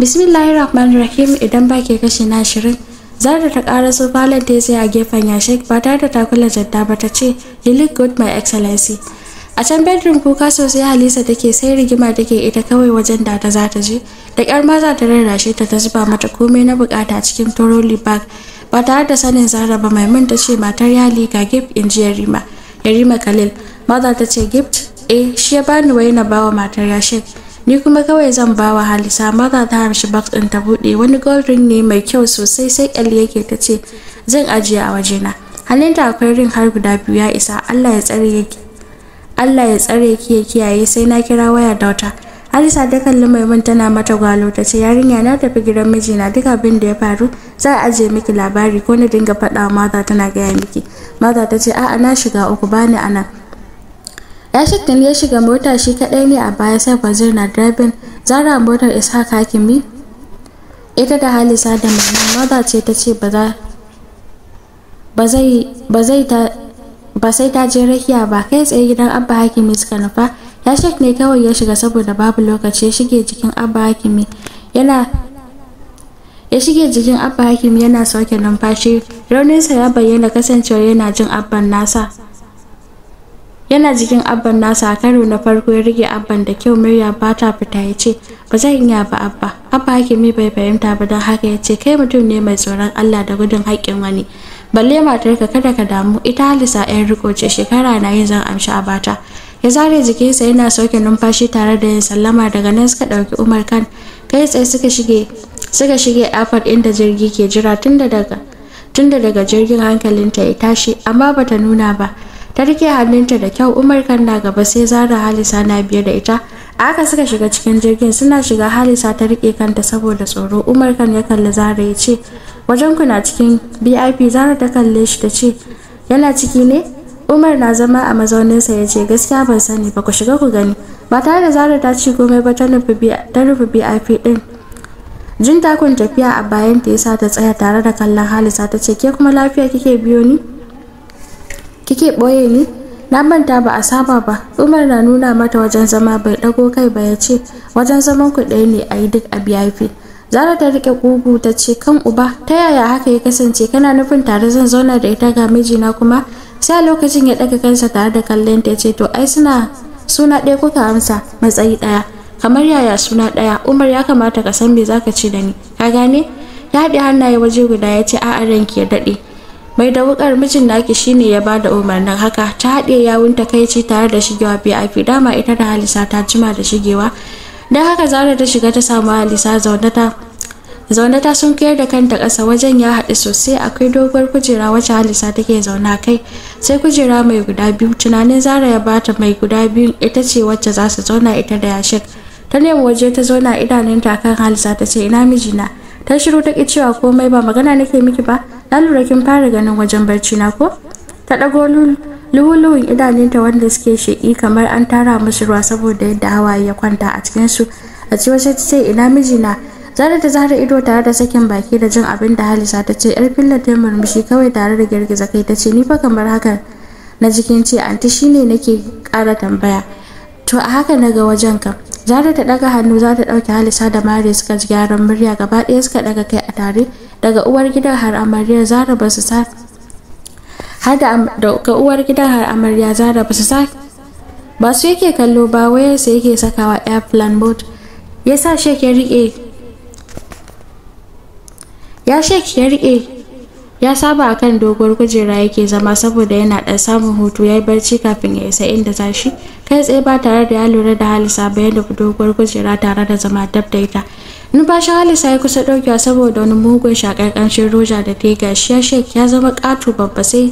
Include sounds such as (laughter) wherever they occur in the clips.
bismillahir rahmanir rahim idan ba ke kashe na shirin zata ta kara su falon ta sai a gefen shek ba tare da takula jadda ba ta ce you look good my excellency a can bedroom kuka sosai halisa take sai rigima take ita kawai wajen da ta za ta je da ƙyar maza ta rarrashe ta ta zuba mata komai na bukata cikin toroli bag ba tare da sanin zara ba mun ta ce matar yali ga gift in ji yarima yarima khalil maza ta ce gift eh shi ya bani wai na bawa matar shek ni kuma kawai zan ba wa halisa mara ta hamshi box ɗin ta buɗe wani gold ring ne mai kyau sosai sai ali yake ta ce zan ajiye a waje wajena halinta akwai ring har guda biyu ya isa allah ya tsare yake allah ya tsare ki ya kiyaye sai na kira waya da wata halisa ta kalli mun tana mata gwalo ta ce yarinya na tafi gidan mijina duk abin da ya faru za a ajiye miki labari ko na dinga faɗa mata tana gaya miki mata ta ce a'a na shiga uku bani anan Rashid din ya shiga mota shi kadai ne a baya sai Fazir na driving zara motar Ishaq Hakimi. Ita da Halisa da Maman Mada ce ta ce ba zai ta ba sai ta je rakiya ba kai tsaye gidan Abba Hakimi suka nufa. Rashid ne kawai ya shiga saboda babu lokaci ya shige jikin Abba Hakimi yana sauke numfashi rauninsa ya bayyana kasancewa yana jin abban nasa. yana jikin abban nasa a karo na farko ya rage abban da kyau murya ba ta fita ya ce ba zai iya ba abba abba hakimi bai fahimta ba don haka ya ce kai mutum ne mai tsoron allah da gudun haƙƙin wani balle ka kada ka damu ita halisa yan riko ce shekara na yin zan amshi a bata ya zare jikinsa yana sauke numfashi tare da yin sallama daga nan suka ɗauki umar kan kai tsaye suka shige suka shige afar inda jirgi ke jira tunda daga tunda daga jirgin hankalinta ya tashi amma bata nuna ba ta rike hannunta da kyau umar kan na gaba sai zara halisa na biye da ita a aka suka shiga cikin jirgin suna shiga halisa ta rike kanta saboda tsoro umar kan ya kalli zara ya ce wajen kuna na cikin bip zara ta kalle shi ta ce yana ciki ne umar na zama a mazauninsa ya ce gaskiya ban sani ba ku shiga ku gani ba tare da zara ta ci komai ba ta rufe bip din jin takun tafiya a bayan ta yasa ta tsaya tare da kallon halisa ta ce ke kuma lafiya kike biyo ni kike ɓoye ni na manta ba a saba ba umar na nuna mata wajen zama bai ɗago kai ba ya ce wajen zaman ku ɗaya ne a yi duk abu ya fi zara ta rike kugu ta ce kan uba ta yaya haka ya kasance kana nufin tare zan zauna da ita ga mijina kuma sai a lokacin ya ɗaga kansa tare da kallon ta ce to ai suna suna ɗaya kuka amsa matsayi ɗaya kamar yaya suna ɗaya umar ya kamata ka san me zaka ce da ni ka gane ya haɗe hannaye waje guda ya ce a'a ranki ya daɗe mai da wukar mijin naki shine ya bada umarnin haka ta haɗe yawun takaici tare da shigewa biya dama ita da halisa ta jima da shigewa don haka zara ta shiga ta samu halisa zaunata ta sun kayar da kanta kasa wajen ya haɗu sosai akwai doguwar kujera wacce halisa take zauna kai sai kujera mai guda biyu tunanin zara ya bata mai guda biyu ita ce wacce za su zauna ita da yashik ta nemi waje ta zauna idanunta kan halisa ta ce ina mijina ta shiru ta ki cewa komai ba magana nake miki ba na lura kin fara ganin wajen barci na ko ta ɗago luhuluhun idanunta wanda suke sheƙi kamar an tara musu ruwa saboda yadda hawaye ya kwanta a cikinsu a ci wace ta ce ina mijina zara ta zara ido tare da sakin baki da jin abin da halisa ta ce yar filla ta murmushi kawai tare da girgiza kai ta ce ni fa kamar haka na jikin ce anti shine nake kara tambaya to a haka na ga wajen ka zara ta ɗaga hannu za ta ɗauke halisa da mare suka ji gyaran murya gaba ɗaya suka daga kai a tare daga uwar gidan har amarya zara ba su sake har daga uwar gidan har amarya zara ba su sake ba su yake kallo ba wayarsa yake sakawa airplane bot ya sa shek ya rike ya shek ya rike ya saba a kan doguwar kujera yake zama saboda yana ɗan samun hutu ya yi barci kafin ya isa inda tashi kai tsaye ba tare da ya lura da halisa ba yadda doguwar kujera tare da zama dab da ita numfashin halisa ya kusa ɗaukewa saboda wani mugun shakar ƙanshin roja da ta yi ya zama katu babba sai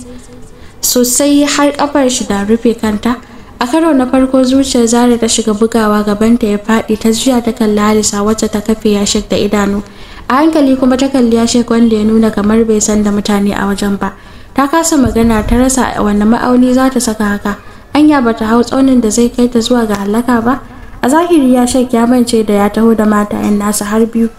sosai har kafar shi da rufe kanta a karo na farko zuciyar zara ta shiga bugawa gabanta ya fadi ta juya ta kalli halisa wacce ta kafe ya yashek da idanu a hankali kuma ta kalli yashek wanda ya nuna kamar bai san da mutane a wajen ba ta kasa magana ta rasa wanne ma'auni za ta saka haka anya bata hau tsaunin da zai kai ta zuwa ga halaka ba a zahiri ya shek ya mance da ya taho da mata 'yan nasa har biyu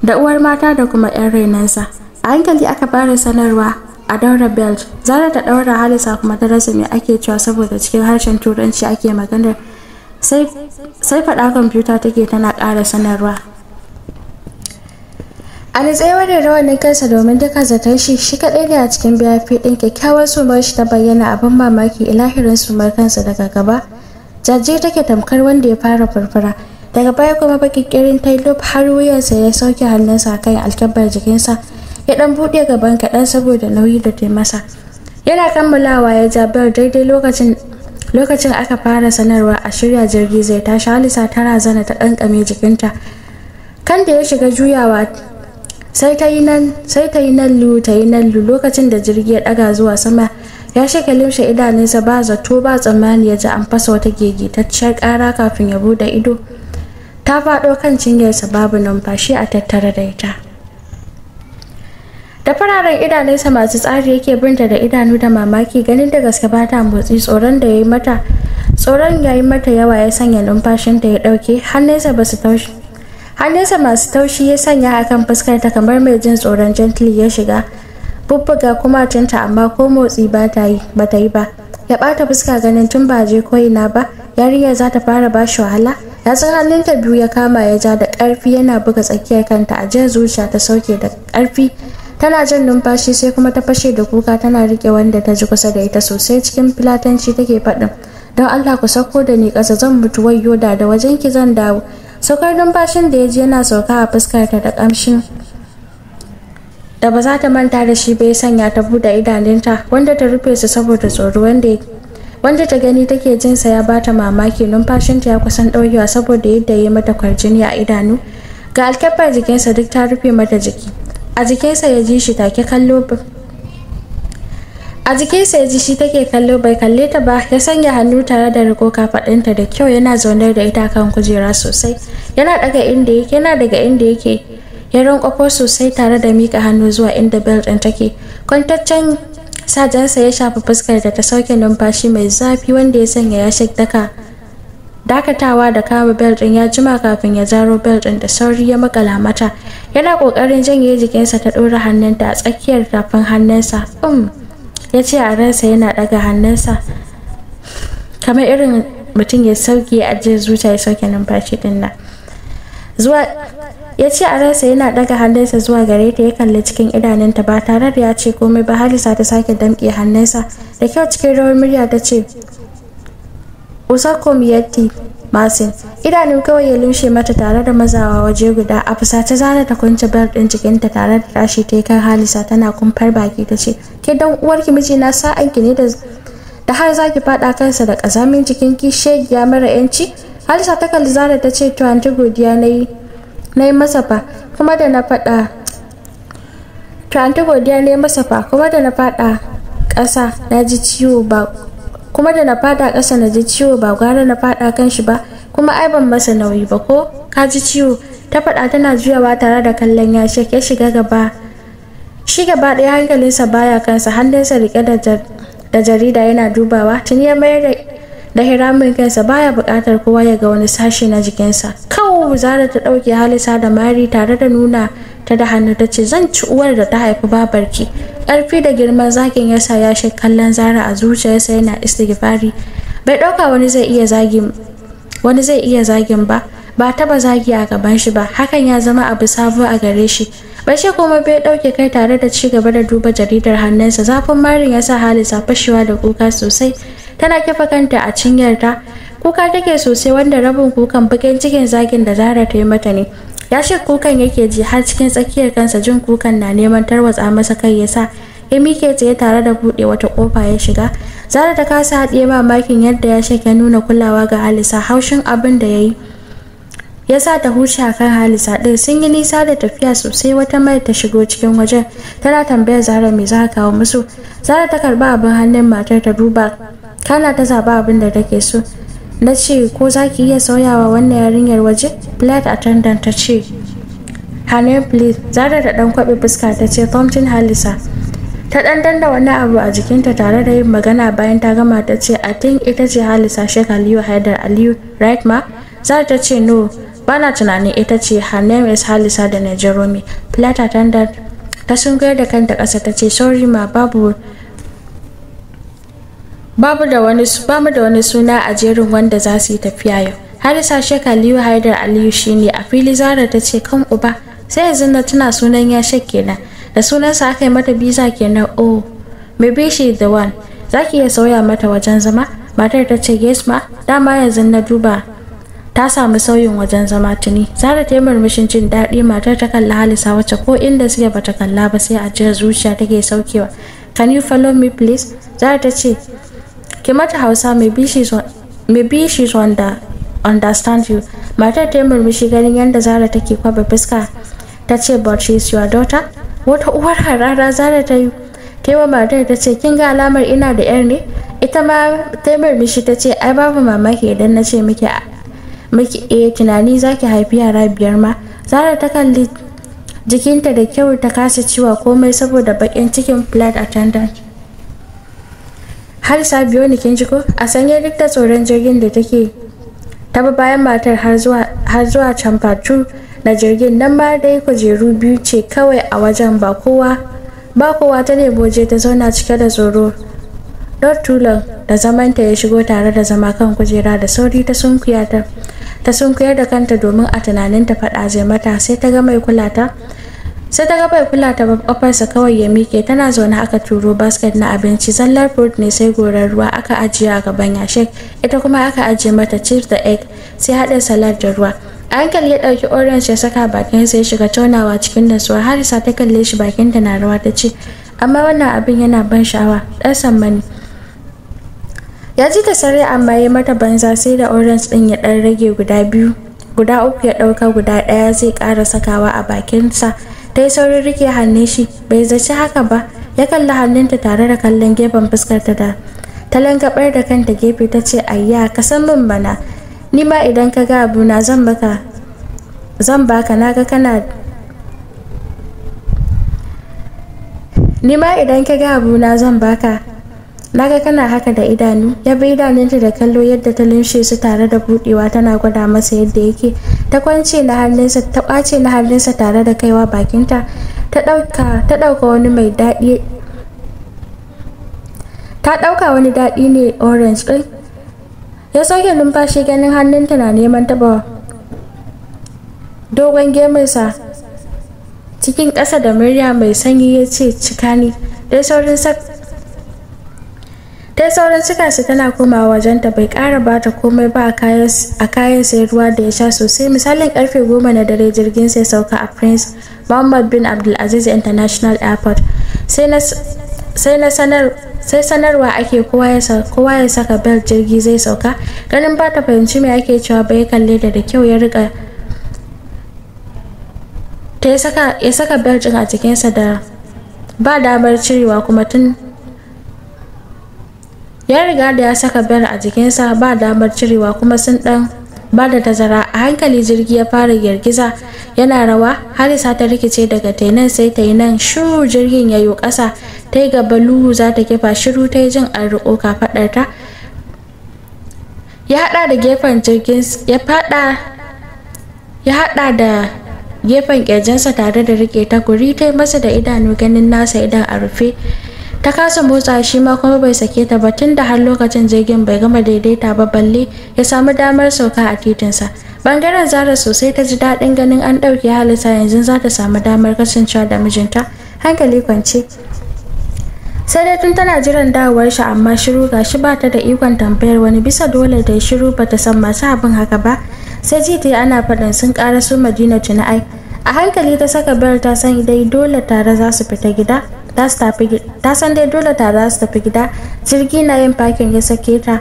da uwar mata da kuma 'yan rainansa a hankali aka fara sanarwa a daura belt zara ta daura halisa kuma ta rasa me ake cewa saboda cikin harshen turanci ake maganar sai faɗa kwamfuta take tana ƙara sanarwa a da tsaye da rawanin kansa domin duka zaton shi shi kadai ne a cikin biyafi ɗin kyakkyawar sumar shi ta bayyana abin mamaki ilahirin sumar kansa daga gaba Jaje take tamkar wanda ya fara furfura daga baya kuma bakin kirin tailop har wuyansa ya sauke hannunsa kan alkabar jikinsa ya dan buɗe gaban kaɗan saboda nauyi da ta masa yana kammalawa ya jabar daidai lokacin lokacin aka fara sanarwa a shirya jirgi zai tashi halisa ta razana ta kankame jikinta kan da ya shiga juyawa sai ta yi nan sai ta yi nan ta yi nan lokacin da jirgi ya daga zuwa sama ya shaka limshe idanunsa ba zato ba tsammani ya ji an fasa wata gegetacciyar kara kafin ya bude ido ta faɗo kan cinyarsa babu numfashi a tattara da ita da fararen idanunsa masu tsari yake binta da idanu da mamaki ganin da gaske ba ta motsi tsoron da ya yi mata tsoron ya yi mata yawa ya sanya numfashinta ya ɗauke hannunsa ba su taushe. hannunsa masu taushi ya sanya akan kan fuskarta kamar mai jin tsoron gently ya shiga bubbuga tunta amma ko motsi ba ta yi ba ta yi ba ya ɓata fuska ganin tun ba je ko ina ba yarinyar za ta fara ba shi wahala ya san hannunta biyu ya kama ya ja da karfi yana buga tsakiyar kanta a jin zuciya ta sauke da karfi tana jan numfashi sai kuma ta fashe da kuka tana rike wanda ta ji kusa da ita sosai cikin filatanci take faɗin don allah ku sauko da ni ƙasa zan mutu wayyo da da wajen ki zan dawo saukar numfashin da ya ji yana sauka a fuskarta da kamshin da ba za ta manta da shi ba ya sanya ta buɗe idanunta wanda ta rufe su saboda tsoro wanda wanda ta gani take jinsa ya bata mamaki numfashin ta ya kusan ɗaukewa saboda yadda ya mata kwarjini a idanu ga alkyabbar jikinsa duk ta rufe mata jiki a jikinsa ya ji shi take kallo a jikin ya ji shi take kallo bai kalle ta ba ya sanya hannu tare da riko kafaɗinta da kyau yana zaunar da ita kan kujera sosai yana daga inda yake yana daga inda yake ya rankwafo sosai tare da mika hannu zuwa inda belt ɗin take kwantaccen sajansa ya shafa fuskar da ta sauke numfashi mai zafi wanda ya sanya ya daka dakatawa da kama belt ɗin ya jima kafin ya zaro belt ɗin da sauri ya makala mata yana ƙoƙarin janye jikinsa ta ɗora hannunta a tsakiyar tafin hannunsa um ya ce a ransa yana daga hannunsa kamar irin mutum ya sauke a jin zuciya ya sauke numfashi din nan ya ce a ransa yana daga hannunsa zuwa gare ta ya kalli cikin idanunta ba tare da ya ce komai ba halisa ta sake damƙe hannunsa da kyau cikin rawar murya ta ce usakom yatti Masin idanu kawai ya lumshe mata tare da mazawa waje guda a ta zana ta kwance bel din jikinta tare da tashi ta kan halisa tana kumfar baki ta ce ke dan uwarki mijina sa'an ki ne da da har zaki fada kansa da kazamin cikin ki shegiya mara yanci halisa ta kalli zana ta ce to anti godiya nayi nayi masa fa kuma da na fada to anti godiya nayi masa fa kuma da na fada ƙasa na ji ciwo ba kuma da na fada ƙasa na ji ciwo ba gwara na fada kan shi ba kuma ai ban masa nauyi ba ko ka ji ciwo ta faɗa tana juyawa tare da kallon ya ya shiga gaba shi gaba ɗaya hankalinsa baya kansa hannunsa rike da jarida yana dubawa tuni ya mayar da da hiramin kansa baya buƙatar kowa ya ga wani sashe na jikinsa kawo zara ta ɗauke halisa da mari tare da nuna ta da hannu ta ce zan ci uwar da ta haifi babarki ƙarfi da girman zagin yasa ya kallon zara a zuciyarsa yana istighfari bai ɗauka wani zai iya zagin wani zai iya zagin ba ba taba zagi a gaban shi ba hakan ya zama abu sabo a gare shi bashe kuma bai ɗauke kai tare da ci gaba da duba jaridar hannunsa zafin marin ya sa halisa fashewa da kuka sosai tana kifa kanta a cinyarta kuka take sosai wanda rabin kukan bakin cikin zagin da zara ta yi mata ne ya shi kukan yake ji har cikin tsakiyar kansa jin kukan na neman tarwatsa masa kai ya sa ya mike tsaye tare da buɗe wata ƙofa ya shiga zara ta kasa haɗiye mamakin yadda ya shi ya nuna kulawa ga halisa haushin abin da ya yi ya sa ta huce a kan halisa ɗin sun yi nisa da tafiya sosai wata mai ta shigo cikin wajen tana tambayar zara me za ka kawo musu zara ta karba abin hannun matar ta duba kala ta zaba abin da take so na ce ko za ki iya sauyawa wannan yarinyar waje flight attendant ta ce hannun please zara da dan kwabe fuska ta ce thompson halisa ta dan danda wani abu a jikinta tare da yin magana bayan ta gama ta ce a think ita ce halisa shek aliyu haidar aliyu right ma zara ta ce no bana tunanin ita ce her is halisa da na jerome flight attendant ta sungar da kanta kasa ta ce sorry ma babu babu da wani da wani suna a jerin wanda za su yi tafiya yau harisa shek aliyu haidar aliyu shine a fili zara ta ce kan uba sai yanzu na tuna sunan ya shek kenan da sunansa aka yi mata biza kenan oh maybe she the one za ki iya sauya mata wajen zama matar ta ce yes ma dama yanzu na duba ta samu sauyin wajen zama tuni zara ta yi murmushin jin daɗi matar ta kalla halisa wacce ko inda suke bata kalla ba sai a jiya zuciya take saukewa can you follow me please zara ta ce ki mata hausa maybe she's on understand you matar ta murmushi ganin yadda zara take kwaba fuska ta ce but she is your daughter wata uwar harara zara ta yi ta wa matar ta ce kin ga alamar ina da yar ne ita ma ta murmushi ta ce ai babu mamaki idan na ce miki miki eh tunani zaki haifi yara biyar ma zara ta kalli jikinta da kyau ta kasa ciwa komai saboda bakin cikin flat attendant halisa biyo ni kin ko a sanye duk da tsoron jirgin da take ta bi bayan matar har zuwa can fatu na jirgin nan ma dai kujeru biyu ce kawai a wajen ba kowa ba kowa ta nemo je ta zauna cike da tsoro Lord Tulon da zamanta ya shigo tare da zama kan kujera da sauri ta sunkuya ta ta sunkuyar da kanta domin a tunanin ta faɗa zai mata sai ta ga mai kulata. sai ta gaba kula ta babbafarsa kawai ya mike tana zaune aka turo basket na abinci zallar fruit ne sai gorar ruwa aka ajiye a gaban yashin ita kuma aka ajiye mata chips da egg sai hada salad da ruwa a hankali ya ɗauki orange ya saka bakin sai shiga taunawa cikin har harisa ta kalle shi bakin ta na rawa ta ce amma wannan abin yana ban sha'awa ɗan sammani ya ji ta sarri amma ya mata banza sai da orange ɗin ya ɗan rage guda biyu guda uku ya ɗauka guda ɗaya zai kara sakawa a bakinsa ta yi saurin rike hannun shi bai zaci haka ba ya kalli hannunta tare da kallon gefen fuskarta da ta langabar da kanta gefe ta ce ayya ka san min bana ni ma idan ka ga abuna zan baka zan baka naga kana ni ma idan ka ga na zan baka naga kana haka da idanu ya bi idanunta da kallo yadda ta lunshe su tare da budewa tana gwada masa yadda yake ta kwance na hannunsa ta kwace na hannunsa tare da kaiwa bakinta ta dauka wani mai daɗi ta dauka wani daɗi ne orange din ya sauke numfashi ganin hannunta na neman taba dogon gemunsa cikin ƙasa da murya mai sanyi ya ce cika ni dai saurin sak ta sauran cika shi tana komawa wajenta bai kara ba ta komai ba a kayan sai ruwa da ya sha sosai misalin karfe goma na dare jirgin sai sauka a prince muhammad bin abdulaziz international airport sai na sai sanarwa ake kowa ya saka bel jirgi zai sauka ganin ba ta fahimci mai ake cewa bai kalle da da kyau ya rika ta ya saka bel din a jikinsa da ba damar cirewa kuma tun ya riga da ya saka bel a jikinsa ba damar cirewa kuma sun dan ba da tazara a hankali jirgi ya fara girgiza yana rawa har harisa ta rikice daga tainan sai tainan shiru jirgin ya yi ƙasa ta yi gaba luhu za ta kifa shiru ta yi jin an riƙo ta ya haɗa da gefen jirgin ya faɗa ya haɗa da gefen ƙirjinsa tare da riƙe ta guri ta yi masa da idanu ganin nasa idan a rufe ta kasa motsa shi ma kuma bai sake ta ba tun da har lokacin jirgin bai gama daidaita ba balle ya samu damar sauka a titinsa bangaren zara sosai ta ji daɗin ganin an ɗauke halitta yanzu za ta samu damar kasancewa da mijinta hankali kwance sai dai tun tana jiran dawowar shi amma shiru gashi ba ta da ikon tambayar wani bisa dole ta yi shiru ba ta san masu abin haka ba sai ji ta ana faɗin sun ƙara su madina ai a hankali ta saka bayar ta san dai dole tare za su fita gida ta tafi ta san dai dole ta za su tafi gida jirgi na yin fakin ya sake ta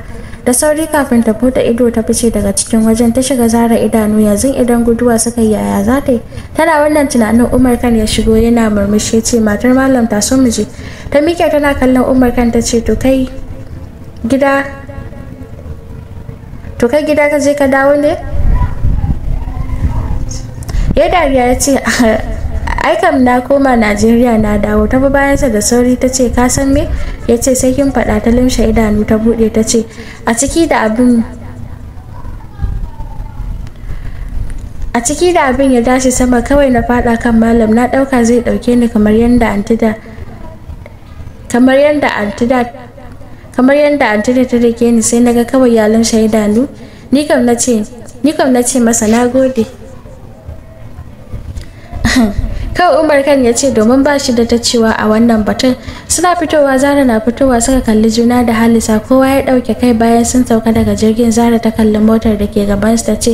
da sauri kafin ta bude ido ta fice daga cikin wajen ta shiga zara idanu yanzu idan guduwa suka yi yaya za ta yi tana wannan tunanin umar kan ya shigo yana murmushi ce matar malam ta so mu je ta miƙe tana kallon umar kan ta ce to kai gida to kai gida ka je ka dawo ne ya dariya ya ce ai kam na koma najeriya na dawo ta bi bayansa da sauri ta ce ka san me ya ce sai kin faɗa ta limshe idanu ta buɗe ta ce a ciki da abin a ciki da abin ya dashi sama kawai na faɗa kan malam na ɗauka zai ɗauke ni kamar yadda antida kamar yadda antida kamar yadda antida ta rike ni sai naga kawai ya limshe idanu ni kam na ce ni kam na ce masa na gode (laughs) kawai umar kan ya ce domin ba shi da ta cewa a wannan batun suna fitowa zara na fitowa suka kalli juna da halisa kowa ya ɗauke kai bayan sun sauka daga jirgin zara ta kalli motar da ke gaban su ta ce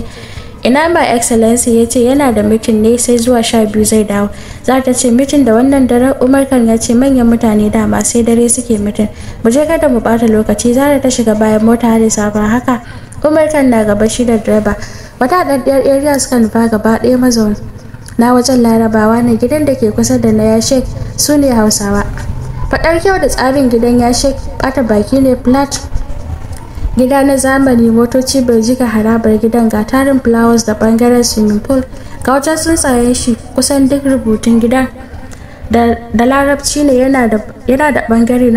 ina ma excellency ya ce yana da mutum ne sai zuwa sha biyu zai dawo za ta ce mutum da wannan dare. umar kan ya ce manyan mutane dama sai dare suke mutum. mu je kada mu bata lokaci zara ta shiga bayan mota halisa ba haka umar kan na gaba shi da direba wata ɗaɗɗiyar area suka nufa gaba ɗaya mazauna na wajen larabawa na gidan da ke kusa da na yashek su ne hausawa faɗar kyau da tsarin gidan yashek bata baki ne flat gida na zamani motoci bai jika harabar gidan ga tarin flowers da bangaren swimming pool ga wajen tsaye shi kusan duk rubutun gida da larabci ne yana da bangare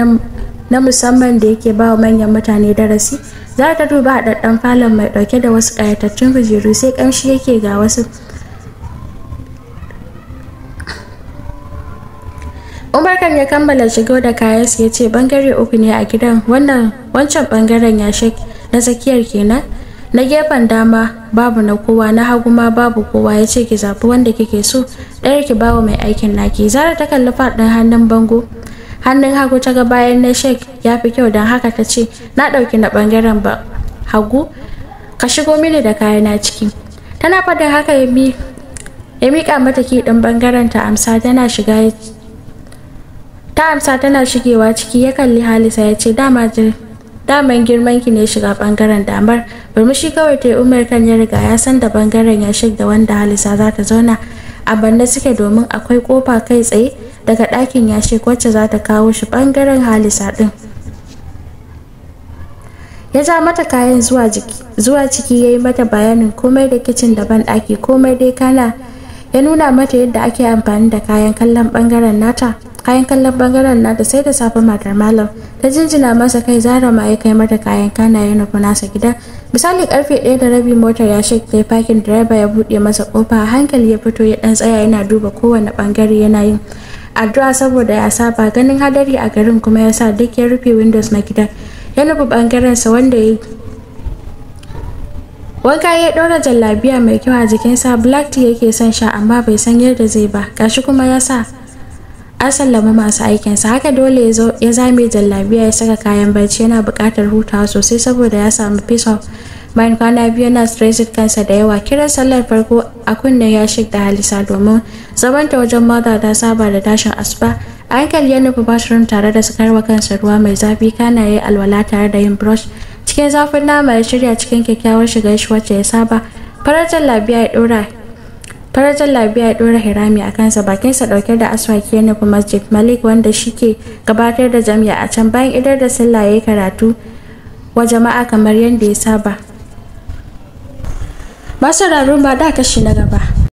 na musamman da yake ba wa manyan mutane darasi za ta duba haɗaɗɗen falon mai ɗauke da wasu ƙayatattun kujeru sai ƙamshi yake ga wasu umarkar ya kammala shigo da kayansu ya ce bangare uku ne a gidan wannan wancan bangaren ya shek na tsakiyar kenan na gefen dama babu na kowa na hagu ma babu kowa ya ce ki zafi wanda kike so ɗaya ki bawa mai aikin naki zara ta kalli faɗin hannun bango hannun hagu ta ga bayan na shek ya fi kyau don haka ta ce na ɗauki na bangaren ba hagu ka shigo mini da kayana ciki tana faɗin haka ya miƙa mata ki ɗin bangaren ta amsa tana shiga ta amsa tana shigewa ciki ya kalli halisa ya ce dama daman girman ki ne shiga bangaren damar murmushi kawai ta umar kan ya riga ya san da bangaren ya da wanda halisa za ta zauna a banda suke domin akwai kofa kai tsaye daga ɗakin ya wacce za ta kawo shi bangaren halisa ɗin ya ja mata kayan zuwa ciki ya yi mata bayanin komai da kicin da ban ɗaki komai dai kana ya nuna mata yadda ake amfani da kayan kallon bangaren nata kayan kallon bangaren da sai da safe matar malam ta jinjina masa kai zara ma ya kai mata kayan kana ya nufi nasa gida misali karfe ɗaya da rabi motar ya shake fakin direba ya buɗe masa kofa hankali ya fito ya ɗan tsaya yana duba kowane bangare yana yin addu'a saboda ya saba ganin hadari a garin kuma ya sa duk ya rufe windows na gidan ya nufi bangaren sa wanda ya wanka ya ɗora jallabiya mai kyau a jikinsa black tea yake son sha amma bai san yadda zai ba gashi kuma ya sa an sallama masu aikinsa haka dole ya zame jallabiya ya saka kayan barci yana buƙatar hutawa sosai saboda ya samu peace of mind kwana biyu na stressed kansa da yawa kiran sallar farko a kunne ya shi da halisa domin zamanta wajen mother ta saba da tashin asuba hankali ya nufi bathroom tare da sakarwa kansa ruwa mai zafi kana yi alwala tare da yin brush cikin zafin nama ya shirya cikin kyakkyawar shiga shi wacce ya saba farar jallabiya ya ɗora farajan labiya ya ɗora hirami a kansa sa ɗauke da aswaki ya nufi masjid malik wanda shi ke gabatar da jami'a a can bayan idar da sallah ya yi karatu wa jama'a kamar yadda ya saba masu ba da kashi na gaba